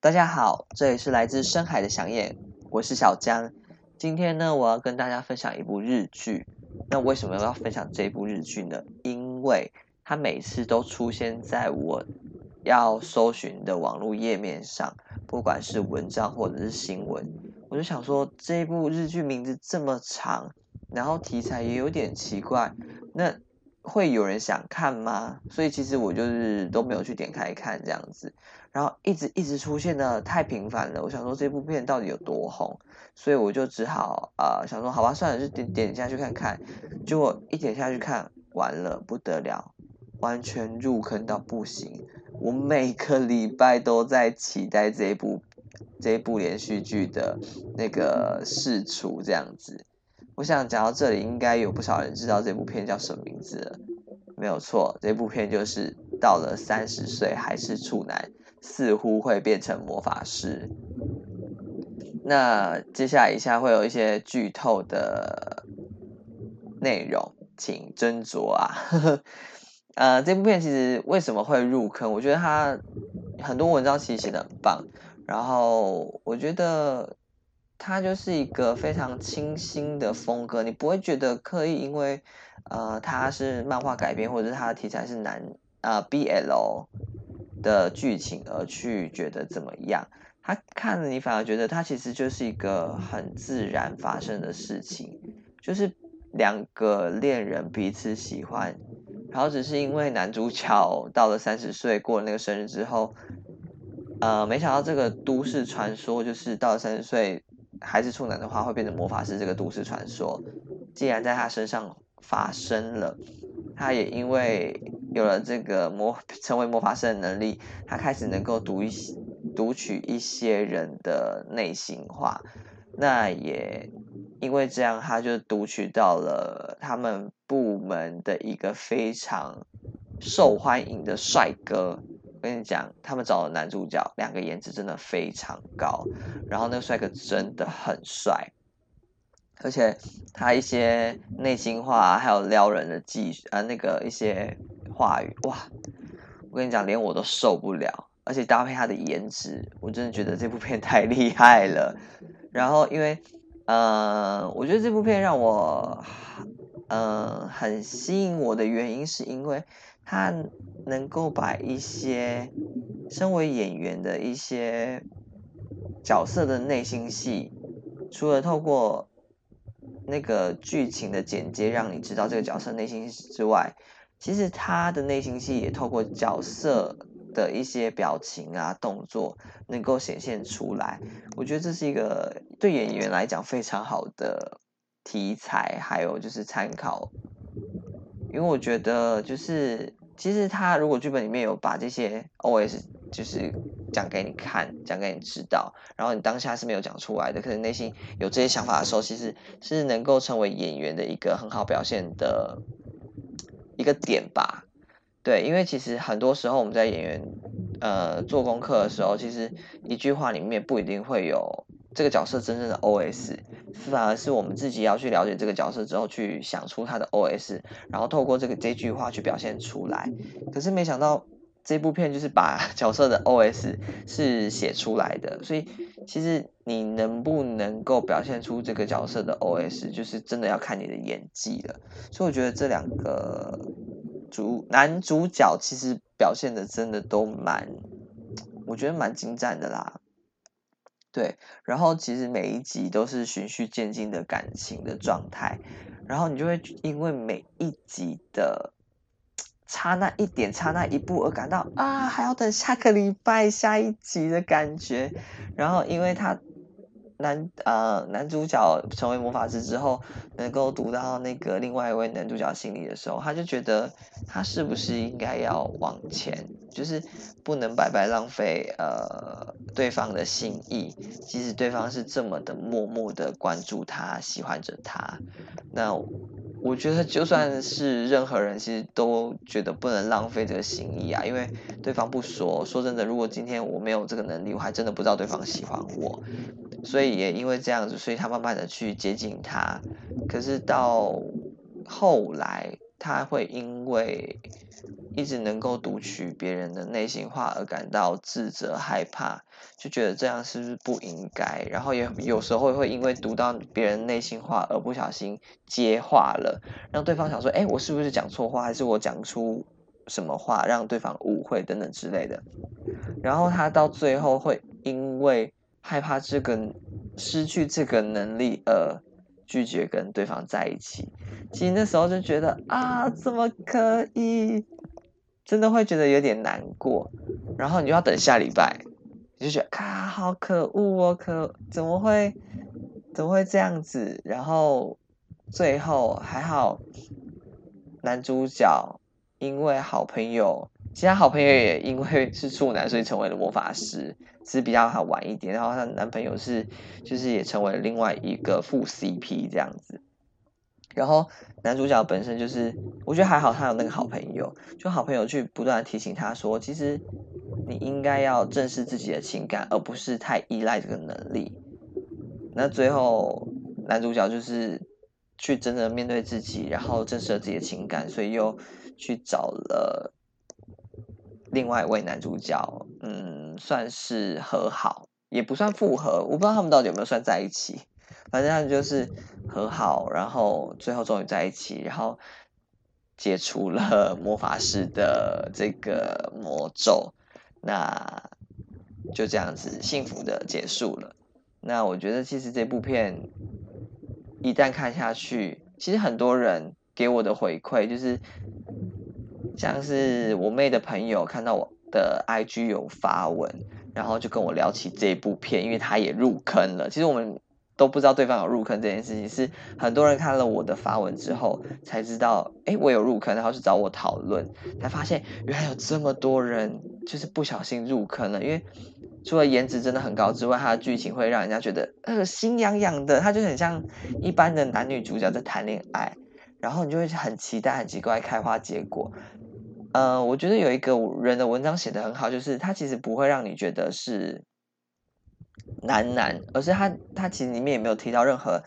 大家好，這裡是來自深海的想眼，我是小江。今天呢，我要跟大家分享一部日劇。那為什麼要分享這部日劇呢？因為它每次都出現在我要搜尋的網絡頁面上，不管是文章或者是新聞。我就想說，這部日劇名字這麼長，然後題材也有點奇怪，那，會有人想看嗎？所以其實我就是都沒有去點開看這樣子，然後一直一直出現的太頻繁了。我想說這部片到底有多紅，所以我就只好啊、呃、想說好吧，算了，就點點下去看看。結果一點下去看完了不得了，完全入坑到不行。我每個禮拜都在期待這部這部連續劇的那個釋出這樣子。我想講到這裡，應該有不少人知道這部片叫什麼名字了。沒有錯，這部片就是到了三十歲還是處男，似乎會變成魔法師。那接下來一下會有一些劇透的內容，請斟酌啊。 呃，這部片其實為什麼會入坑？我覺得他很多文章其實寫的很棒，然後我覺得。它就是一個非常清新的風格，你不會覺得刻意，因為呃，它是漫畫改編，或者是它的題材是男啊、呃、BL 的劇情而去覺得怎麼樣？他看了你反而覺得他其實就是一個很自然發生的事情，就是兩個戀人彼此喜歡，然後只是因為男主角到了三十歲，過了那個生日之後，呃，沒想到這個都市傳說就是到了三十歲。還是處男的話會變成魔法師這個都市傳說，既然在他身上發生了，他也因為有了這個魔成為魔法師的能力，他開始能夠讀一讀取一些人的內心話，那也因為這樣，他就讀取到了他們部門的一個非常受歡迎的帥哥。我跟你講，他們找的男主角兩個顏值真的非常高，然後那個帥哥真的很帥，而且他一些內心話還有撩人的技術啊，那個一些話語，哇！我跟你講，連我都受不了，而且搭配他的顏值，我真的覺得這部片太厲害了。然後因為呃，我覺得這部片讓我。呃、嗯，很吸引我的原因是因為他能夠把一些身為演員的一些角色的內心戲，除了透過那個劇情的剪接讓你知道這個角色內心之外，其實他的內心戲也透過角色的一些表情啊、動作能夠顯現出來。我覺得這是一個對演員來講非常好的題材還有就是參考，因為我覺得就是其實他如果劇本裡面有把這些 OS 就是講給你看，講給你知道，然後你當下是沒有講出來的，可能內心有這些想法的時候，其實是能夠成為演員的一個很好表現的一個點吧。對，因為其實很多時候我們在演員呃做功課的時候，其實一句話裡面不一定會有這個角色真正的 OS。反而是我們自己要去了解這個角色之後，去想出他的 O.S，然後透過這個這句話去表現出來。可是沒想到這部片就是把角色的 O.S 是寫出來的，所以其實你能不能夠表現出這個角色的 O.S，就是真的要看你的演技了。所以我覺得這兩個主男主角其實表現的真的都蠻，我覺得蠻精湛的啦。對，然後其實每一集都是循序漸進的感情的狀態，然後你就會因為每一集的差那一點、差那一步而感到啊，還要等下個禮拜下一集的感覺，然後因為他。男呃，男主角成為魔法師之後，能夠讀到那個另外一位男主角心裡的時候，他就覺得他是不是應該要往前，就是不能白白浪費呃對方的心意，即使對方是這麼的默默的關注他，喜歡着他。那我覺得就算是任何人，其實都覺得不能浪費這個心意啊，因為對方不說。說真的，如果今天我沒有這個能力，我還真的不知道對方喜歡我。所以也因為這樣子，所以他慢慢的去接近他。可是到後來，他會因為一直能夠讀取別人的內心話而感到自責、害怕，就覺得這樣是不是不應該？然後也有時候會因為讀到別人內心話而不小心接話了，讓對方想說：“哎、欸，我是不是講錯話？還是我講出什麼話讓對方誤會等等之類的？”然後他到最後會因為。害怕這個失去這個能力，而拒絕跟對方在一起。其實那時候就覺得啊，怎麼可以？真的會覺得有點難過。然後你就要等下禮拜，你就覺得啊，好可惡哦，可怎麼會怎麼會這樣子？然後最後還好，男主角因為好朋友。其他好朋友也因為是處男，所以成為了魔法師，是比較好玩一點。然後她男朋友是，就是也成為了另外一個副 CP 這樣子。然後男主角本身就是，我覺得還好，他有那個好朋友，就好朋友去不斷提醒他說，其實你應該要正視自己的情感，而不是太依賴這個能力。那最後男主角就是去真的面對自己，然後正視了自己的情感，所以又去找了，另外一位男主角，嗯，算是和好，也不算複合，我不知道他們到底有沒有算在一起。反正他們就是和好，然後最後終於在一起，然後解除了魔法師的這個魔咒，那就這樣子幸福的結束了。那我覺得其實這部片一旦看下去，其實很多人給我的回饋就是。像是我妹的朋友看到我的 IG 有發文，然後就跟我聊起這一部片，因為他也入坑了。其實我們都不知道對方有入坑這件事情，是很多人看了我的發文之後才知道，誒、欸、我有入坑，然後去找我討論，才發現原來有這麼多人就是不小心入坑了。因為除了顏值真的很高之外，他的劇情會讓人家覺得呃心癢癢的，他就很像一般的男女主角在談戀愛，然後你就會很期待、很奇怪開花結果。呃，我覺得有一個人的文章寫得很好，就是他其實不會讓你覺得是男男，而是他他其實裡面也沒有提到任何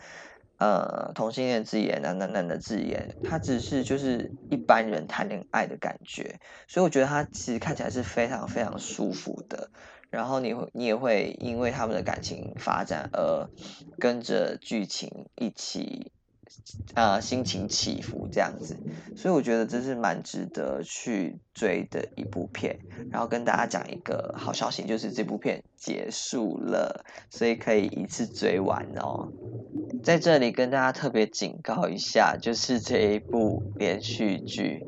呃同性戀字眼、男男男的字眼，他只是就是一般人談戀愛的感覺，所以我覺得他其實看起來是非常非常舒服的，然後你會你也會因為他們的感情發展而跟着劇情一起。呃，心情起伏這樣子，所以我覺得這是蠻值得去追的一部片。然後跟大家講一個好消息，就是這部片結束了，所以可以一次追完哦。在這裡跟大家特別警告一下，就是這一部連續劇，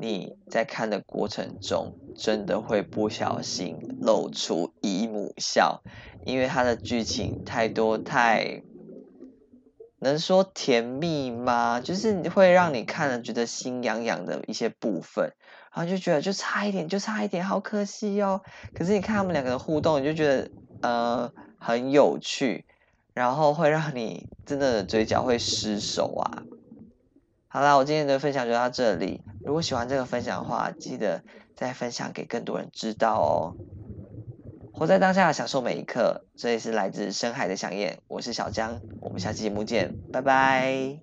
你在看的過程中真的會不小心露出姨母笑，因為它的劇情太多，太……能說甜蜜嗎？就是你會讓你看了覺得心癢癢的一些部分，然後就覺得就差一點，就差一點，好可惜哦。可是你看他們兩個的互動，你就覺得呃，很有趣，然後會讓你真的嘴角會失守啊。好啦，我今天的分享就到這裡。如果喜歡這個分享的話，記得再分享給更多人知道哦。活在當下，享受每一刻。這裡是來自深海的想念，我是小江，我們下期節目見，拜拜。